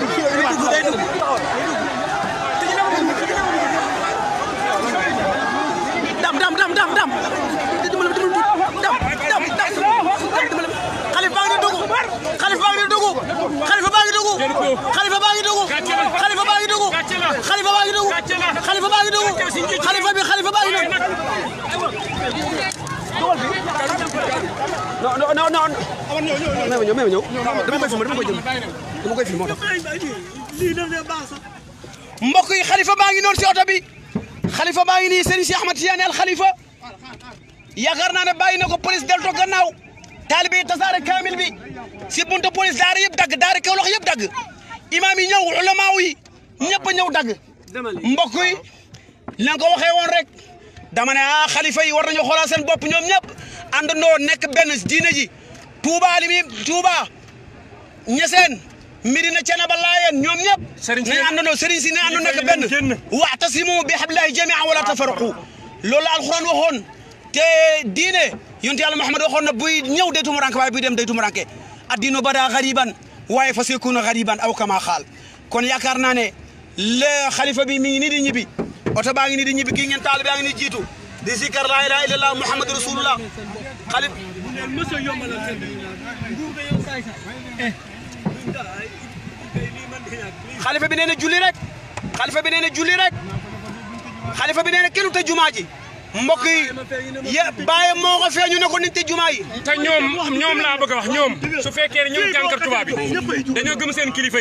dugg day dugg dam dam dam dam dam xalifa baa ngi dugg xalifa baa ngi dugg xalifa baa ngi dugg xalifa baa ngi dugg xalifa baa ngi dugg xalifa baa ngi dugg xalifa baa ngi dugg xalifa bi xalifa baa ngi dugg non non non dama koy fi moo mbokk yi xalifa baa ngi noonu si oto bi xalifa baa ngi nii Serigne Cheikh Ahmad al xalifa yaakaar naa ne bàyyi na ko police delto gannaaw taalibe yi tasaare kaamil bi si buntu police daara yëpp dagg daara Kawlax yëpp dagg imaam ñëw ulamaaw yi ñëw dagg mbokk yi na ko woon rek dama ne ah xalifa yi war nañu xoolal seen bopp ñoom ñëpp àndandoo nekk benn diine ji Touba li muy Touba Ñaseen مدينة جانا بالله نيوم نيب سرين سينا نو سرين سينا نو نك بن واعتصموا بحبل الله جميعا ولا تفرقوا لولا القران وهون تي دين يونت محمد وهون بوي نيو ديتو مرانك باي بي ديم مرانك ادينو بدا غريبا واي فسيكون غريبا او كما خال كون ياكارنا ني لا خليفه بي مي ني دي نيبي اوتو باغي ني دي نيبي كي جيتو دي سيكر لا اله الا الله محمد رسول الله خليفه مسيو خليفه بنينا جولي رك خليفه بنينا جولي رك خليفه بنينا كينو تا جوماجي مبوكي يا باي مو غفيا نيو نكو نتي جوماي نتا نيوم نيوم لا بغا واخ نيوم سو فيكي نيوم جانكار توبا بي دانيو گم سين كليفه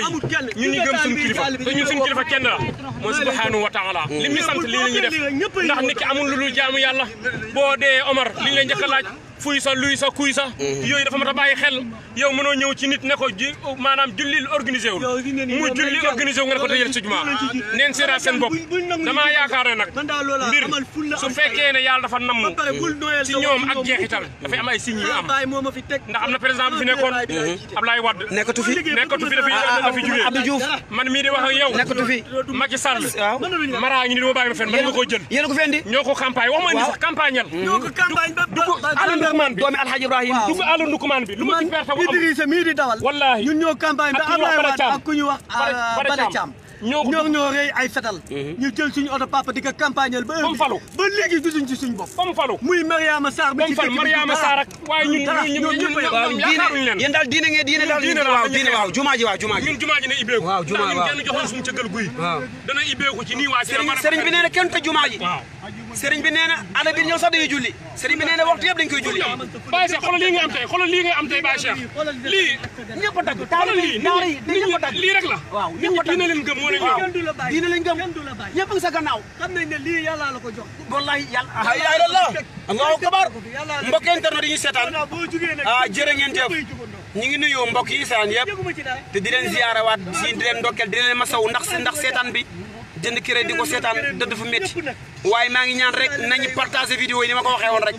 ني ني گم سين كليفه دانيو سين كليفه كين لا مو سبحان وتعالى لي مي سانت لي ني ديف ناخ نيكي امول لولو جامو يالا بو دي عمر لي نلا نجا لاج fuy sa luy sa kuy sa mm-hmm. yooyu dafa mat a xel yow mënoo ñëw ci nit ne ko maanaam jullil organisé mu julli organisé nga ne ko tëjal ci jumaa neen seeraat seen bopp damaa yaakaar nag mbir su fekkee ne yàlla dafa namm mm-hmm. ci ñoom ak jeexital dafay am ay signes yu ah, am ndax am na président bi fi ah, nekkoon Ablaye Wade nekkatu fi nekkatu fi dafay dafi jugee Abdou Diouf man mii di wax ak yow ah. mara ngi ni dama bàyyi ma fen mën nga koo ko fi ñoo ko campagne wax ma indi sax Abdourahmane doomi Alhaji Ibrahim du nga àllu Ndoukoumane bi lu ma ci mii di dawal ñun ñoo campagne ba Abdoulaye Wade ak ku ñu wax Bada euh, ñoo ñoo ay fetal mhm. ñu jël suñu oto papa di ko campagnal ba heure falu ba léegi muy Mariama Sarr bi ji waaw jumaa ji ñun jumaa ji ne ibbeeku waaw jumaa waaw ñun kenn joxoon suñu ci nii waa sëriñ bi nee te jumaa sëriñ bi nee na ana biir ñëw julli sëriñ bi nee waxtu yëpp dañ koy julli. Baye Cheikh xoolal am tey xoolal am tey Baye Cheikh lii. ñëpp a dagg xoolal lii ñëpp a dagg lii rek la. waaw ñëpp a dagg diina leen gëm moo waaw diina a ngi sa gannaaw. xam lii yàlla la ko jox. wallaahi yàlla ah yàlla la allahu ah, ngi nuyu mbokk yi saan yëpp te di leen ziyaarawaat si di leen ndokkeel di leen masaw ndax seetaan bi jënd crédit di ko seetaan dëdd fu métti waaye maa ngi ñaan rek nañu partagé vidéo yi ni ma ko waxee woon rek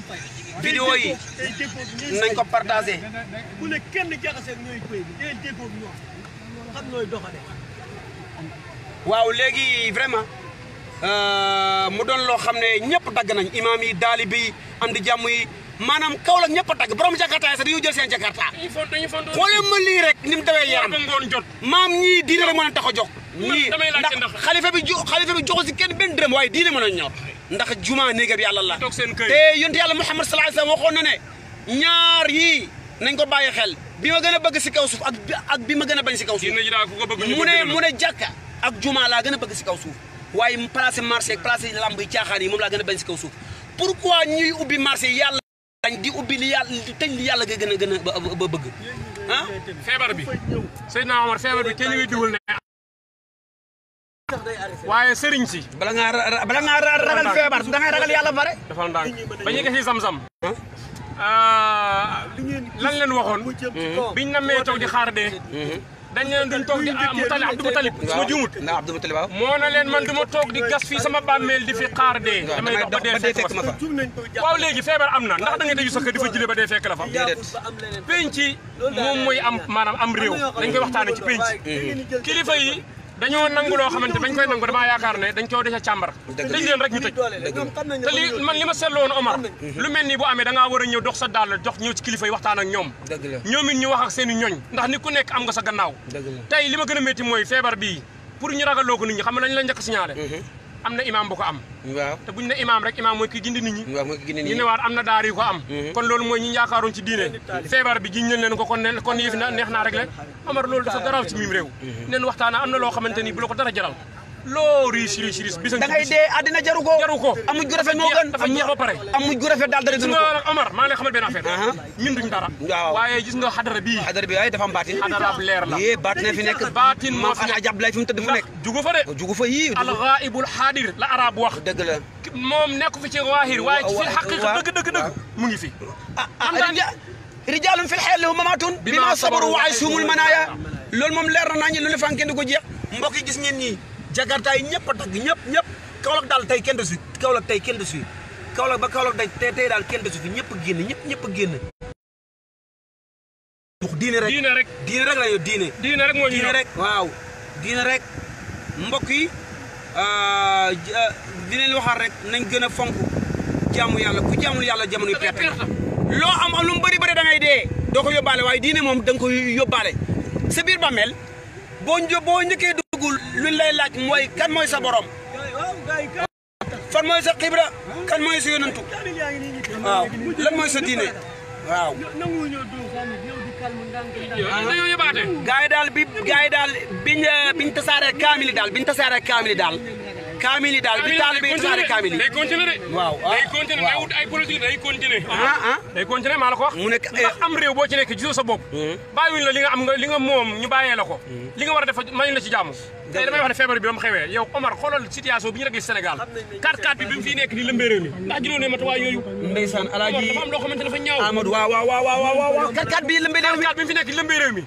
vidéo yi nañ ko partagé ku ne kenn jaxaseeg ñooy koy bi dee déggoo ñoom waaw léegi vraiment euh, mu doon loo xam ne ñëpp dagg nañ imaam yi daali bi andi jàmm yi manam Kaolack ñepp tag borom Jakarta sa diou jël sen Jakarta xoolal ma li rek nim mu yaram mam ñi diine rek mën a jox ñi ndax khalifa bi jox khalifa bi joxu ci kenn ben dërëm waaye diine mën ñor ndax juma néegab yàlla allah te yonte yalla Muhammad sallallahu alaihi wasallam waxoon na ne ñaar yi nañ ko baye xel bi ma gën bëgg ci kawsuf suuf ak ak bi ma gën a bañ si kaw suuf mu ne mu ne jakka ak juma la gëna bëgg ci kawsuf waye placer marché placer lamb yi xaar yi mom la gëna bañ ci kawsuf pourquoi ñuy ubbi marché yalla dañ ubbi li yàlla tëj li yàlla nga gën a gën ba bëgg ah feebar bi Seydina Omar bi kenn wi dugal waaye sëriñ si bala ngaa bala ngaa ragal feebar da ngay ragal yàlla bare dafal ndànk ba ñu ah? Ah, gis sam-sam lan leen waxoon hmm. biñ namee taw di xaar dee dañ leen duñ toog di ah Abdou Moutalib su ma juumut na Abdou Moutalib waaw moo na leen man du ma toog di gas fii sama bàmmeel di fi xaar dee damay dox ba dee fekk ma fa waaw léegi feebar am na ndax da nga tëju sa kër di fa jëlee ba dee fekk la fa penc moom mooy am maanaam am réew dañ koy waxtaane ci penc kilifa yi dañoo nangu loo xamante dañ koy nangu damaa yaakaar ne dañ koo dese càmbar tëj leen rek ñu tëj te li man li ma seetlu Omar lu mel nii bu amee da ngaa a ñëw dox sa dàll dox ñëw ci kilifa yi ak ñoom ñoom it ñu wax ak seen ñoñ ndax ni ku nekk am nga sa gannaaw tey li ma gën a métti mooy feebar bii pour ñu ragaloo ko nit ñi xam ne dañ la njëkk signalé mm-hmm. am na imaam bu ko am waaw te buñ ne imaam rek imaam mooy ki gindi ñi ñi ne waat am na daar yu ko am mhm. kon loolu mooy ñi yaakaaroon ci diine feebar bi jiñ leen ko kon ne kon yëf na neex naa rek le amar loolu dafa garaaw ci mim réew mhm. neen waxtaana am na loo xamante ni bu la ko dara jaral loo riche riche riche bis da ngay ko jaru ko amuj gu rafet moo gën ngi lay xamal benn affaire ñun duñ dara waaw waaye gis nga xadara bi waaye dafa am baatin xadara ab leer la yee baatin fi nekk baatin moo fi nekk jàpp lay fi mu tëdd fu nekk jugu fa de oh, jugu fa yii al ghaibul hadir la arab wax dëgg la moom nekku fi ci waahir waaye ci mu ngi fi ah, ah, rijaalun fil hayati lahum mamaatun bima sabaru wa asumul manaya loolu moom leer na nañu lu ne fànk kenn du ko jeex mbokk gis ngeen ñii jakarta yi ñëpp a tagg ñëpp ñëpp Kaolack daal tey kenn desu fi Kaolack tey kenn desu fi Kaolack ba Kaolack day tey tey daal kenn desu fi ñëpp génn ñëpp ñëpp génn diine rek diine rek diine rek la yo diine diine rek moo ñu diine rek waaw diine rek mbokk yi ah, di leen waxaat rek nañ gën a fonk jaamu yàlla ku jaamul yàlla jamono yu perte loo am am lu mu bëri bëri da ngay dee doo ko yóbbaale waaye diine moom da ko yóbbaale sa biir bàmmeel boo boo njëkkee dugul lu lay laaj mooy kan mooy sa borom fan mooy sa xibra kan mooy sa yonantu lan mooy sa diine waaw gaay daal bi gaay daal biñ biñ tasaare kaamili daal biñ tasaare kaamili daal kaamil yi daal bi taal bi taari kaamil yi day continuer de day continuer maa la ko am réew boo ci nekk bopp hmm. bàyyiwuñ la li moom ñu la ko hmm. li nga war a def mayuñ la ci jàmm tey damay wax feebar bi ba mu xewee Omar xoolal situation bi ñu réglé Sénégal 4-4 bi bi mu fii di lëmbee réew ndax jëloo ne matuwaay yooyu ndeysaan alaaji dafa am bi lëmbee réew mi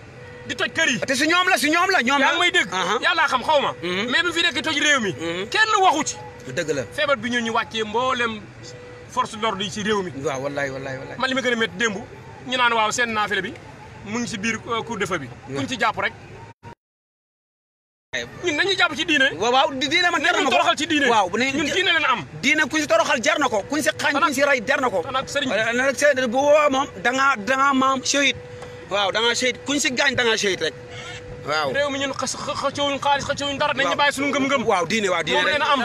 di toj kër yi te si ñoom la si ñoom la ñoom la yaa may dégg yàllaa xam xaw ma mhm. mais bi fi nekk toj réew mi mhm. kenn waxu ci dëgg la feebar bi ñëw ñu wàccee mboolem force de l'ordre yi ci réew mi waaw wallaay wallaay wallaay man li ma gën démb ñu naan waaw seen naafile bi mu ngi si biir euh, cour de feu bi kuñ ci jàpp rek ñun nañu jàpp ci diine waaw diine man jar na ko toroxal ci diine waaw ñun diine leen am diine kuñ si toroxal jar na ko kuñ si xaañ kuñ si rey jar na ko nag sëriñ nag sëriñ bu boobaa moom dangaa dangaa waaw da ku séyit kuñ si gaañ da ngaa séyit rek. waaw réew mi ñun xëccewuñ xaalis dara dañu bàyyi suñu ngëm-ngëm waaw diine waaw diine moom leen a am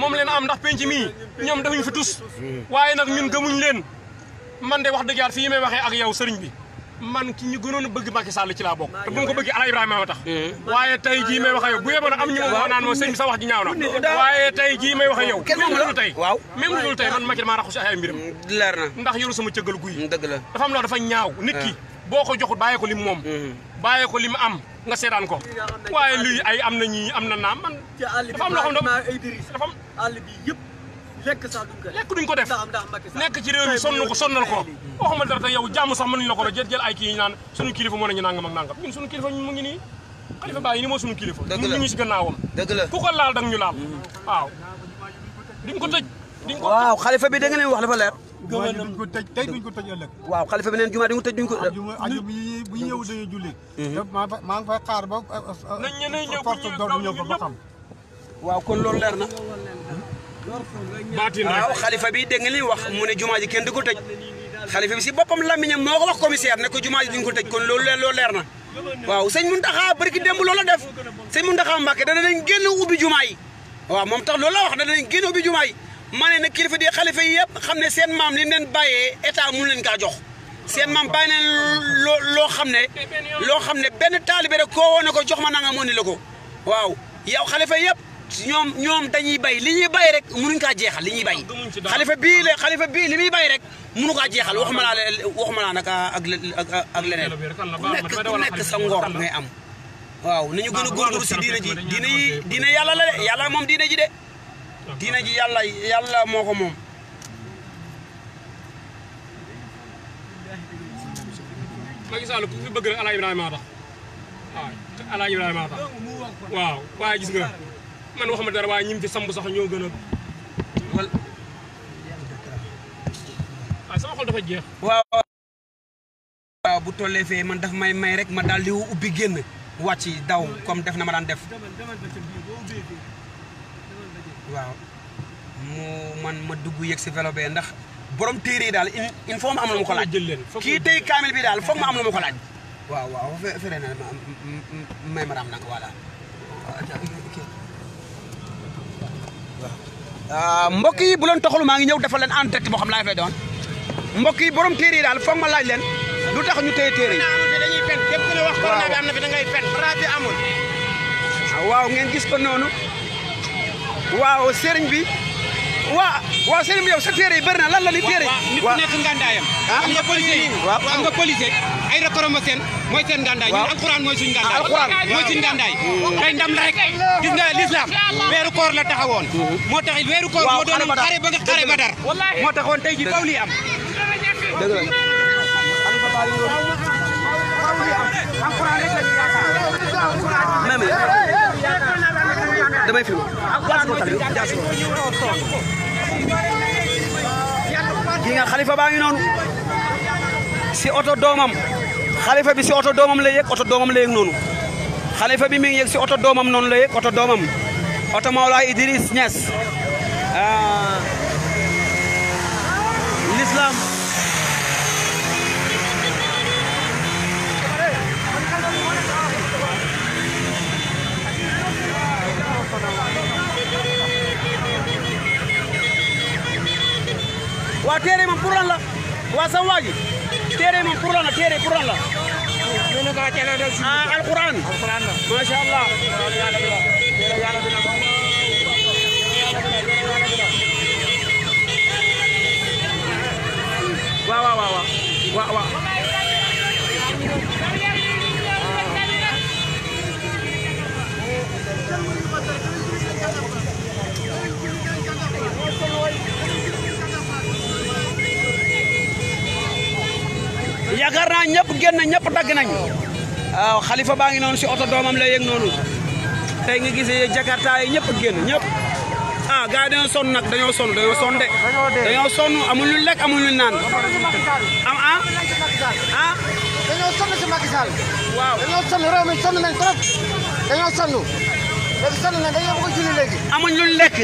moom leen a am ndax penc mii mm. mm. nag ñun gëmuñ leen man de wax dëgg yàlla fii may waxee ak yow sëriñ bi man ki ñu gënoon a bëgg Macky Sall ci laa bokk te bu ma ko bëggee ala Ibrahima ma tax mm. waaye tey jii may ji may wax yow même loolu tey waaw même loolu tey man Macky damaa raxu si ay mbiram ndax yoru sama cëggal guy dëgg la dafa am loo dafa ñaaw nit boo ko joxut bàyyi ko lim moom. Mm-hmm. bàyyi ko lim am nga seetaan ko. waaye luy ay am na ñii am na naam man. dafa am loo xam dafa bi yëpp lekk sax duñ ko def lekk duñ ko def nekk ci réew mi ko sonnal ko. dara te yow jàmm sax mënuñ la ko doon jël jël ay kii naan suñu kilifa moo ne ñu nangam ak nangam ñun suñu kilifa mu ngi nii. xalifa bàyyi ni moo suñu kilifa. dëgg la ñu si gannaawam. dëgg la ku ko laal dang ñu laal. waaw diñ ko tëj. diñ ko waaw xalifa bi da nga leen wax dafa leer gëwal na ko ko tëj ëllëg waaw xalifa bi neen jumaa di mu tëj duñ ko bu ñëw dañuy julli mhm. maa ngi fay xaar ba eh, eh, eh, nañ ñene ñëw ko ñëw kon loolu leer na waaw xalifa bi dégg nga li wax mu ne jumaa ji kenn du ko tëj xalifa bi si boppam lamiñam moo ko wax commissaire ne ko jumaa ji duñ ko tëj kon loolu leer loolu leer na waaw sëñ Muntaxa barki démb loola def sëñ Muntaxa Mbàkke dana nañ génn ubbi jumaa yi waaw moom tax loolu la wax da nañ génn ubbi jumaa yi ma ne na kilifa di xalifa yi yëpp xam ne seen maam li leen bàyyee état mun leen kaa jox seen maam bàyyi leen loo loo xam ne loo xam ne benn taalibe rek koo woon na ko jox ma nanga moo ni la ko waaw yow xalifa yëpp ñoom ñoom dañuy bay li ñuy bay rek munuñ kaa jeexal li ñuy bay xalifa bii la xalifa bii li muy bay rek munu kaa jeexal waxuma laa waxuma laa naka ak ak leneen ku nekk ku nekk sa ngor ngay am waaw nañu gën a góorgóorlu si diina ji diina yi yàlla la de yàlla moom diina ji de diina ji yàlla yàlla moo ko moom Macky Sall ku fi bëgg rek man samb sax ñoo gën a dafa jeex waaw waaw bu tollee fee man daf may may rek ma daal di ubbi génn wàcc daw comme def na ma daan def waaw mu man ma dugg yegg si vélo bee ndax borom téere yi daal il faut ma am lu ma ko laaj kii tey kaamil bi daal foog ma am lu ma ko laaj waaw waaw fere na ma may ma raam nag voilà ah, mbokk yi bu leen toxalu maa ngi ñëw leen xam fay doon mbokk yi borom téere daal foog ma laaj leen lu tax ñu téye téere yi dañuy fen képp ku ne wax bi am na fi da ngay fen bi amul ah, waaw ngeen gis ko noonu waaw sëriñ bi waaw waaw sëriñ bi yow sa téere yi bëri na lan la ni téere nit nekk ngàndaayam ah? am nga policier yi am nga policier ay rakoroma seen mooy seen ngàndaay ñun alxuraan mooy suñu ngàndaay alxuraan mooy suñu hmm. la rek gis nga lislaam weeru koor la taxawoon hmm. moo tax weeru koor moo doon xare ba nga xare badar moo taxoon tey ji faw am dëgg la damay filmé. gi nga xalifa baa noonu si oto doomam xalifa bi si oto doomam la yëg oto doomam la yëg noonu xalifa bi mi ngi yëg si oto doomam noonu la yëg oto doomam oto Maola Idriss Niass ah. l'islam waaw téere moom pour lan la waaw sama waa ji téere moom pour la téere pour lan la. ah alquran. alquran allah. khalifa baangi non ci si domam doomam la yëg noonu tey nga gisee jakarta yi ñëpp genn ñëpp ah gars dañu son nak dañu son dañu son de dañu son amul lu lek amul lu nan am ah ah dañu son ci Macky Sall waaw dañu son rew mi son nañ trop son lu dañu son nañ dañu bëgg a lu léegi amul lu lek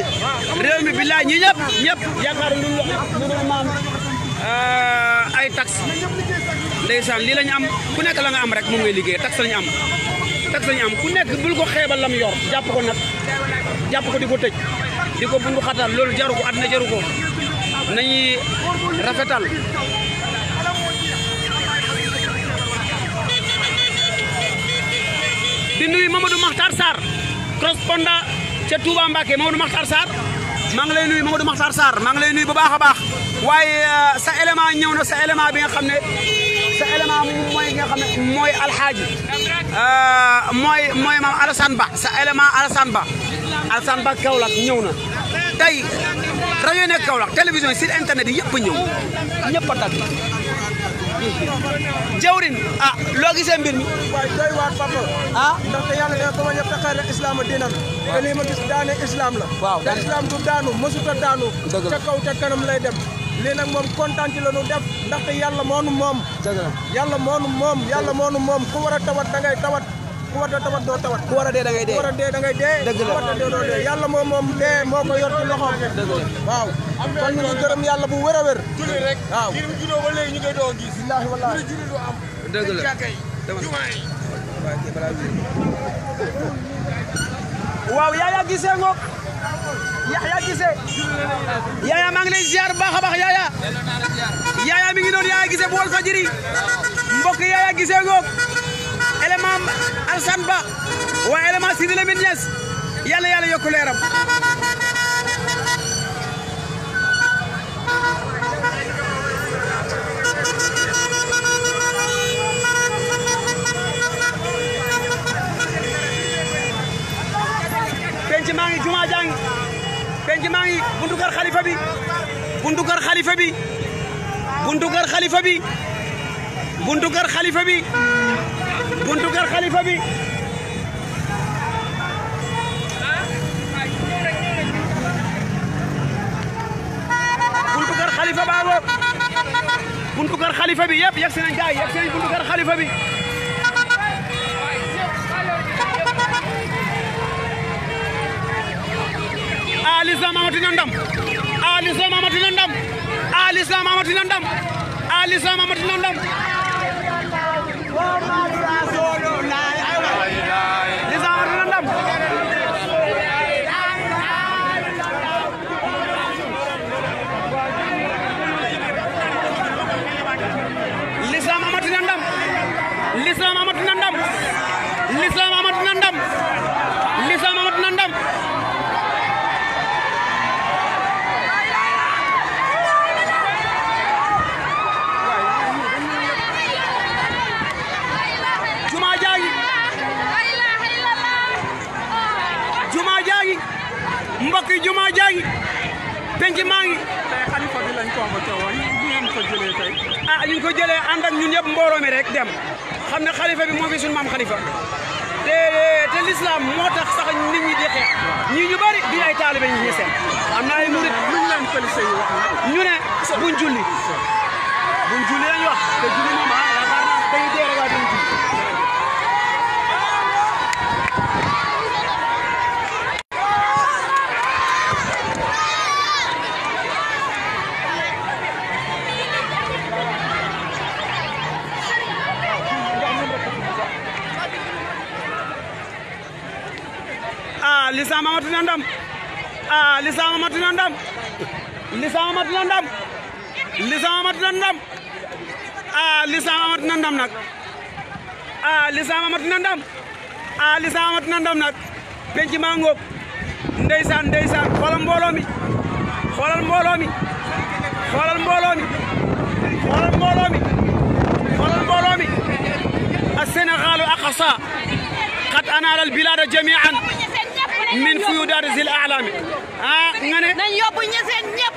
rew mi billaay ñi ñëpp ñëpp yaakaar lu ñu ne maam ay taxi ndeysaan li lañ am ku nek la nga am rek moom ngay liggéey tax lañ am tax lañ am ku nek bul ko xébal lam yor japp ko nak japp ko di tejj diko di xatal loolu jaru ko àddina jaru ko rafetal di nuyu Mamadou Makhtar sar correspondant ci Touba Mbacké Mamadou Makhtar sar mang lay nuyu Mamadou Makhtar sar mang lay nuyu bu baakha baax euh, sa élément ñëw na sa élément bi nga xam sa élément mooy nga xam ne mooy alxaaji euh, mooy mooy maam Alassane Ba sa élément Alassane Ba Alassane Ba Kaolack ñëw na tey rajo yi nekk Kaolack télévision yi site internet yi yëpp ñëw a tag jawrin ah loo gisee mbir mi waay doy waat papa ah ndaxte yàlla ne ko ma ñëpp taxaare islam a diinam te lii daane islam la waaw islam du daanu mësuta daanu ca ca kanam lay dem lii nag moom kontaan ci la nu def ndaxte yàlla moonu moom yàlla moonu moom yàlla moonu moom ku war a tawat da ngay tawat ku war a tawat doo tawat ku war a dee da ngay dee ku war a dee da ngay dee ku war a yàlla moom moom dee moo ko yor ci loxoom waaw kon ñu ngi gërëm yàlla bu wér a waaw kii bi juddoo ba Yaxya Gise yaaya maa ngi lay ziar bu baax a baax yaaya yaaya mi ngi noonu yaaya Gise bu Walfadjri mbokk yaaya Gise ngoog élément Alassane Ba waaye élément Sidi Lamine Niass yàlla yàlla penc maa ngi buntu kër xalifa bi buntu kër xalifa bi buntu kër xalifa bi buntu kër xalifa bi buntu kër xalifa bi buntu kër xalifa baabo buntu kër xalifa bi yëpp yegg si nañ gaay yegg si nañ buntu kër xalifa bi Al Islam amatina ndam Al Islam amatina ndam Al Islam amatina ndam Al Islam amatina ndam Liza amat na ndam Liza amat na ndam ah Liza amat na ndam nag ah Liza amat na ndam ah Liza amat na ndam nag penc maa ngóob ndeysaan ndeysaan xoolal mbooloo mi xoolal mbooloo mi xoolal mbooloo mi xoolal mbooloo mi xoolal mbooloo mi السنغال أقصى قد أنال البلاد جميعا من فيودات ذي الأعلام ah nga ne nañ yóbbu ñi seen ñëpp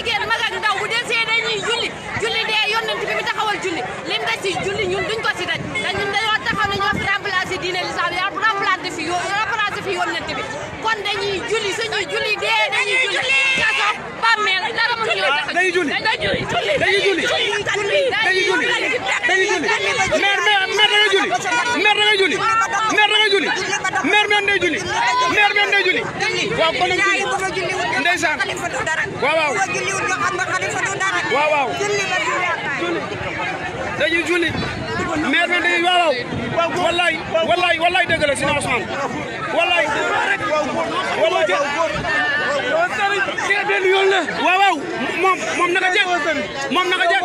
jigéen mag ndaw bu desee dañuy julli julli dee yonent bi mu taxawal julli lim daj si julli ñun duñ ko si daj dañ ñun dañoo taxaw ne ñoo fi remplacé diine l'islam ya remplacé fi yo remplacé fi yonent bi kon dañuy julli suñuy julli dee dañuy julli kaso bàmmeel dara mu ñu tax dañuy julli dañuy julli dañuy julli dañuy julli dañuy julli maire maire waaw kon nag julli ndeysaan waaw waaw waaw waaw julli dañuy julli maire bi dañuy waaw waaw wallaay wallaay wallaay dëgg la sëñ Ousmane wallaay waaw waaw moom moom naka jekk moom naka jekk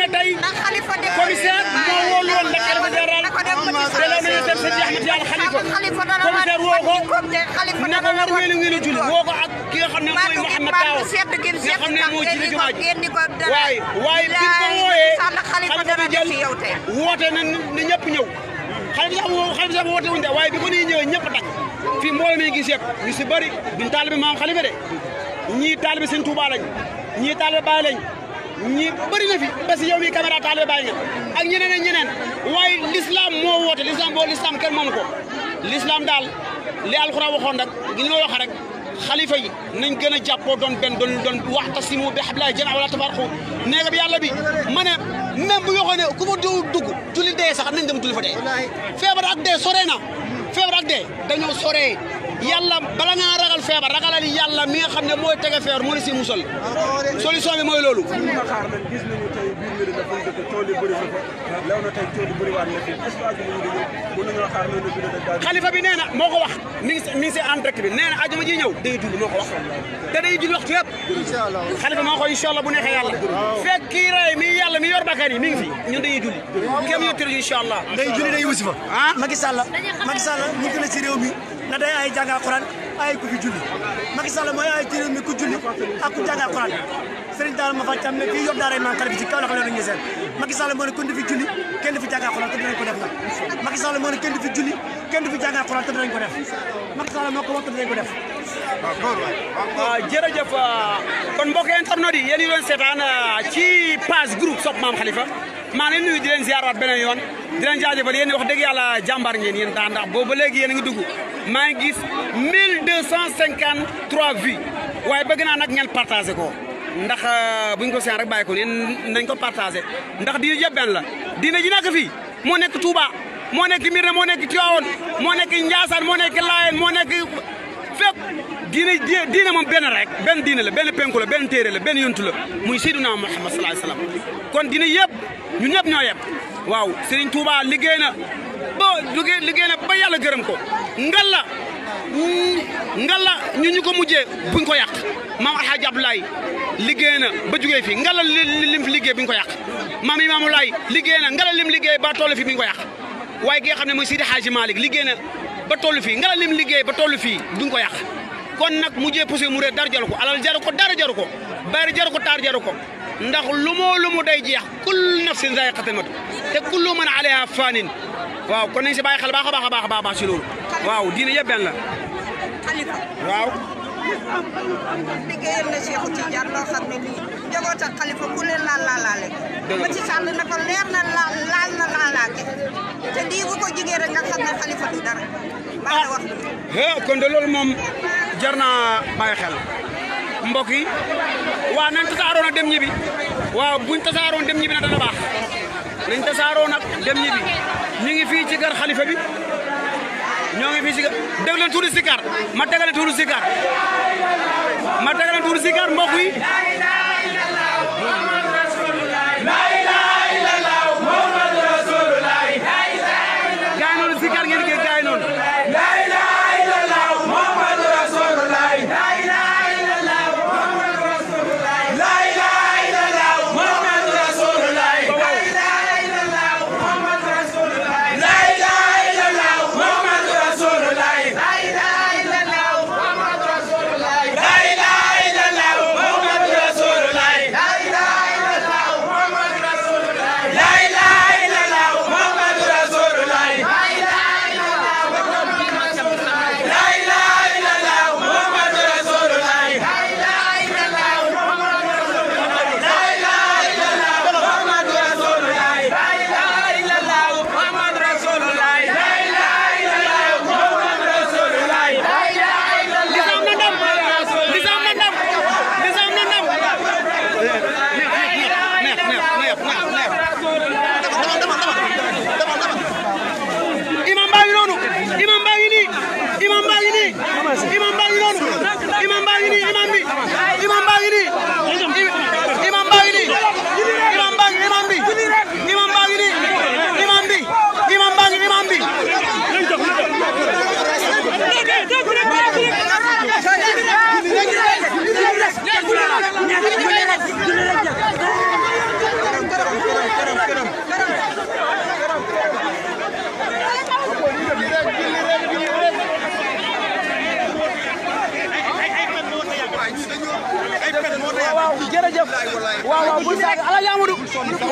ne tey commissaire moo woolu woon Dakar bi daral te la ñu woo ko ne woo ko ak ki nga xam ne mooy Mouhamed Taw ko wooyee xalifa bi jël woote na ne ñëpp ñëw xalifa xalifa woote wuñ de waaye bi ko nii ñëwee ñëpp dakk fii mbooloo mi gis yëpp ñu si bëri duñ taalibe maam xalifa de ñii taalibe sëñ Tuubaa ñii taalibe Baay lañ ñi bëri na fi ba si yow mi caméra taale bàyyi nga ak ñeneen ak ñeneen waaye l'islam moo woote l'islam boo l'islam kenn moomu ko l'islam daal li alxuraan waxoon rek gi ñu wax rek xalifa yi nañ gën a jàppoo doon benn doon doon waxtasimu bi hablillahi jamii'an wa laa tafarraqu néega bi yàlla bi ma ne même bu yoxoo ne ku fa dóow dugg julli dee sax nañ dem julli fa dee feebar ak dee sore na feebar ak dee dañoo sore يلا بلغنا رجل فيها رجل اللي يلا مين خمدي مو يتجه في أرمني سي مسل سولي سامي مو يلولو خليفة بنينا مغوا مين مين سي أندرك بنينا أجمع جينيو ديجو مغوا تري جلو خيب خليفة مغوا إن شاء الله بنيه يلا فكيرة مين يلا مين يربا كاني مين في نيو ديجو كم يوتر إن شاء الله ديجو ديجو يوسف ها ما كيسالا ما كيسالا نقول نسيريو مين na day ay jàng alquran ay ku fi julli Macky Sall mooy ay téere mi ku julli ak ku jàng alquran Serigne Daal ma fa cam ne fii yor daara man kala bi ci kaw la ko leer ngi seen Macky Sall moo ne kenn du fi julli kenn du fi jàng alquran te dinañ ko def nag Macky Sall moo ne kenn du fi julli kenn du fi jàng alquran te dinañ ko def Macky Sall moo ko wax te dinañ ko def ah, jërëjëf ah, kon mbokk internet yi yéen yi doon ah, ci page groupe sopp maam Khalifa maa leen nuyu di leen ziaraat beneen yoon di leen jaajëfal yéen wax dëgg yàlla jàmbaar ngeen yéen daa ndax boobu ba léegi yéen a ngi maa ngi gis mille deux cent cinquante trois vues waaye bëgg naa nag ngeen partagé ko ndax euh, buñ ko seen rek bàyyi ko ne nañ ko partagé ndax di yëpp benn la diine ji nekk fii moo nekk Touba moo nekk Mirna moo nekk Tivaouane moo nekk Ndiassane moo nekk Laayeen moo nekk fépp diine diine moom benn rek benn diine la benn penku la benn téere la benn yontu la muy Seydina Muhammad sallallahu alayhi wasallam kon diine yëpp ñun ñëpp ñoo yëpp waaw Serigne Touba liggéey na na ba yàlla gërëm ko ngalla ngalla ñu ñu ko mujjee buñ ko yàq maam Alxaaji Abdoulaye liggéey na ba jugee fi ngalla lim fi liggéey buñ ko yàq maam Imaamu Laay liggéey na ngalla lim liggéey ba toll fi buñ ko yàq waaye ki nga xam ne mooy Sidi Xaaji Malick liggéey na ba toll fii ngalla lim liggéey ba toll fii duñ ko yàq kon nag mujjee poussé mu réer dara jaru ko alal jaru ko dara jaru ko bari jaru ko taar jaru ko ndax lu moo lu mu day jeex kullu nafsin zaa'iqatul mawt te kullu man alayha waaw kon nañ si bàyyi xel baax a baax a baax a baax si loolu waaw diine yëpp benn la xalifa waaw liggéeyal na Cheikh Tidiane loo xam ne lii jabootal xalifa ku ne laal laa laale ba ci sàll na ko leer na laal laal na laalaate te lii bu ko jigéen rek nga xam ne xalifa du dara baa wax ah, kon de loolu moom jar naa bàyyi xel mbokk yi waaw nañ tasaaroon ak dem ñibbi waaw buñ tasaaroon dem ñibbi na dana baax nañ tasaaroon ak dem ñibbi ñu ngi fii ci gar xalifa bi ñoo ngi fii ci gar dégg leen tuuti sikar ma tegale tuuti sikar ma tegale tuuti sikar mbokk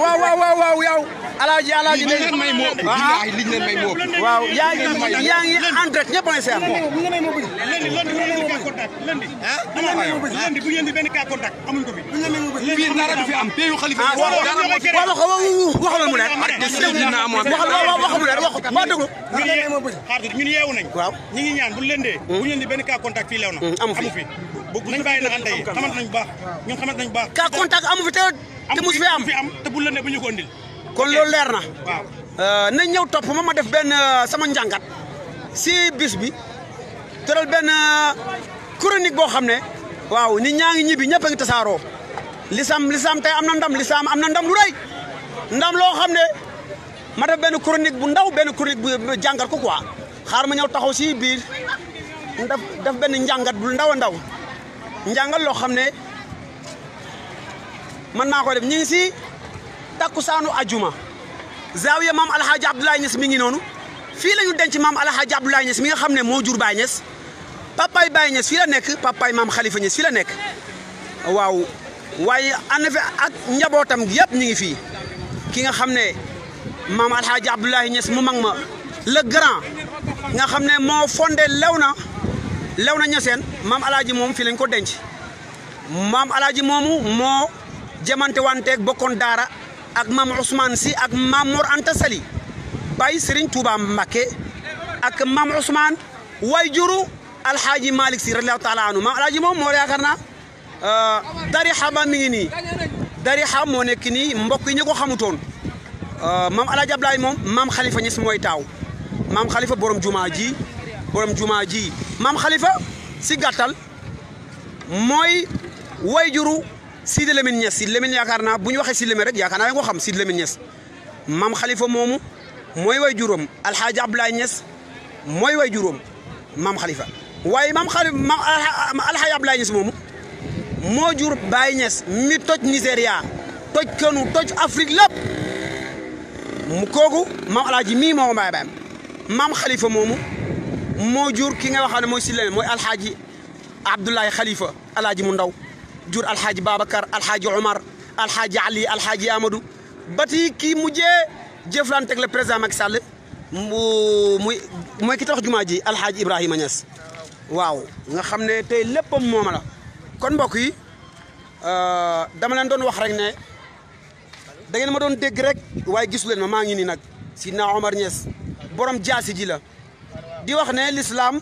waaw waaw waaw yow. alaaji alaaji ne leen may moo li ñu leen may moo waaw yaa ngi yaa ngi en direct ñëpp a seet. lundi lundi bu ngeen di cas contact lundi. ah dama la yow lundi bu ngeen di benn cas contact amuñ ko fi. fii dara du fi am peyu xalifa. ah waaw waaw waxaloon mu ne. waxaloon mu ne wax wax dëgg. ñun yeewu nañ. waaw ñu ngi ñaan bu lëndee. bu ñu leen di benn cas contact fii lew na. amu fi. bu ñu bàyyi naxante yi xamante nañ baax ñun xamante nañ baax ka contact amu fi te te mus fi am fi am te bu la ne bu ñu ko indil kon loolu leer na waaw euh, nañ ñëw topp ma ma def benn euh, sama njàngat si bis bi tëral benn euh, chronique boo xam ne waaw nit ñaa ngi ñibbi ñëpp a ngi am na ndam lisaam am na ndam lu rëy ndam loo xam ne ma def benn si biir def def benn njàngat bu ndaw njàngal loo xam ne mën naa ko def ñu ngi si takkusaanu ajuma zaawiya maam alhaaji Abdoulaye Niass mi ngi noonu fii lañu ñu denc maam alhaaji Abdoulaye Niass mi nga xam ne moo jur Baye Niass papaay Baye Niass fii la nekk papaay maam Khalifa Niass fii la nekk waaw waaye en effet ak njabootam yëpp ñu ngi fii ki nga xam ne maam alhaaji Abdoulaye Niass mu mag ma le grand nga xam ne moo fonde fondé Léona lew na ñaseen maam alaaji moom fi lañ ko denc maam alaaji moomu moo jamante wanteeg bokkoon daara ak maam Ousmane si ak maam Mor Anta Sali bàyyi Serigne Touba Mbakke ak maam Ousmane way juru alxaaji Malick si radiallahu taala anu maam alaaji moom moo yaakaar naa euh, darixa ba mi ngi nii darixa moo nekk ni mbokk yi ñu ko xamutoon euh, maam alaaji Ablaye moom maam Khalifa Niass mooy taaw maam Khalifa borom jumaa ji borom jumaa ji maam xalifa si gatal moy wayjuru Sidi Lamine Niass Sidi Lamine yakarna naa waxe Sidi Lamine rek yakarna nga xam Sidi Lamine Niass maam xalifa moomu mooy wayjuram Alxaaji abdullah Niass moy wayjurum mam khalifa waye mam khalifa maam Alxaaji Abdoulaye Niass momu mo jur Baye Niass mi toj Nigéria toj kenu toj Afrique lépp mu kogu mam alaaji mi moo baye baay mam khalifa momu moo jur ki nga waxaan ne mooy si leneen mooy alxaaji Abdoulaye Khalifa alxaaji mu ndaw jur alxaaji Babacar alxaaji Omar alxaaji Ali alxaaji Amadou bati kii mujjee jëflanteeg le président Macky Sall muy mooy ki tax jumaa ji alxaaji Ibrahima Niass waaw nga xam ne tey léppam moom la kon mbokk yi dama leen doon wax rek ne da ngeen ma doon dégg rek waaye gisu leen ma ngi nii nag Sidna Omar Niass borom jaasi ji la di wax ne lislaam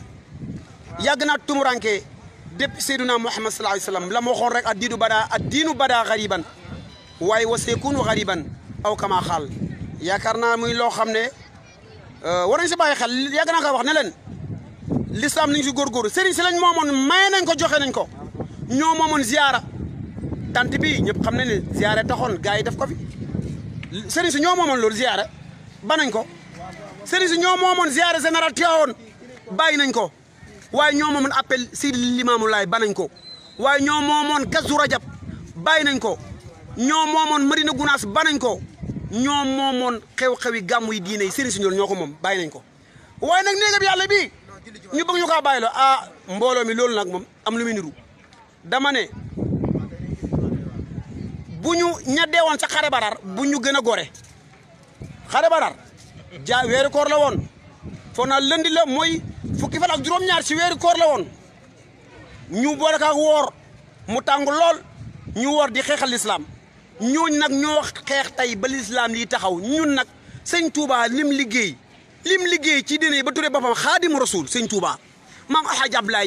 yàgg naa tumuranke depuis Seydina Muhammad sallallahu alayhi wa la ma waxoon rek ad diinu badaa ad diinu badaa xariban waaye wa seekunu xariban aw kama xaal yaakaar naa muy loo xam ne euh, war si bàyyi xel yàgg naa ko wax ne leen l'islam nañ si góorgóorlu sëriñ si lañ moomoon may nañ ko joxe nañ ko ñoo moomoon ziara tant bi ñëpp xam ne ne ziara taxoon gars yi def ko fi sëriñ si ñoo moomoon loolu ziara ba nañ ko sëriñ si ñoo moomoon ziare général Tivaouane bàyyi nañ ko waaye ñoo moomoon appel si limaamu laay ba nañ ko waaye ñoo moomoon Kazu Rajab bàyyi nañ ko ñoo moomoon Madina Gunaas ba nañ ko ñoo moomoon xew-xewi gàmmu yi diine yi sëriñ si ñoo ko moom bàyyi nañ ko waaye nag néegam yàlla bii ñu bëgg ñu kaa bàyyiloo ah mbooloo mi loolu nag moom am lu muy niru dama ne bu ñu ña deewoon ca xare badar bu ñu gën a gore xare badar ja weeru koor la woon foog a lëndi la mooy fukki fan ak juróom-ñaar si weeru koor la woon ñu boole ak woor mu tàng lool ñu woor di xeexal lislaam ñooñ nag ñoo xeex tey ba lislaam lii taxaw ñun nag sëñ Touba lim liggéey lim liggéey ci dine ba turee boppam xaadimu rasul sëñ Touba maam Alxaaji Ablaay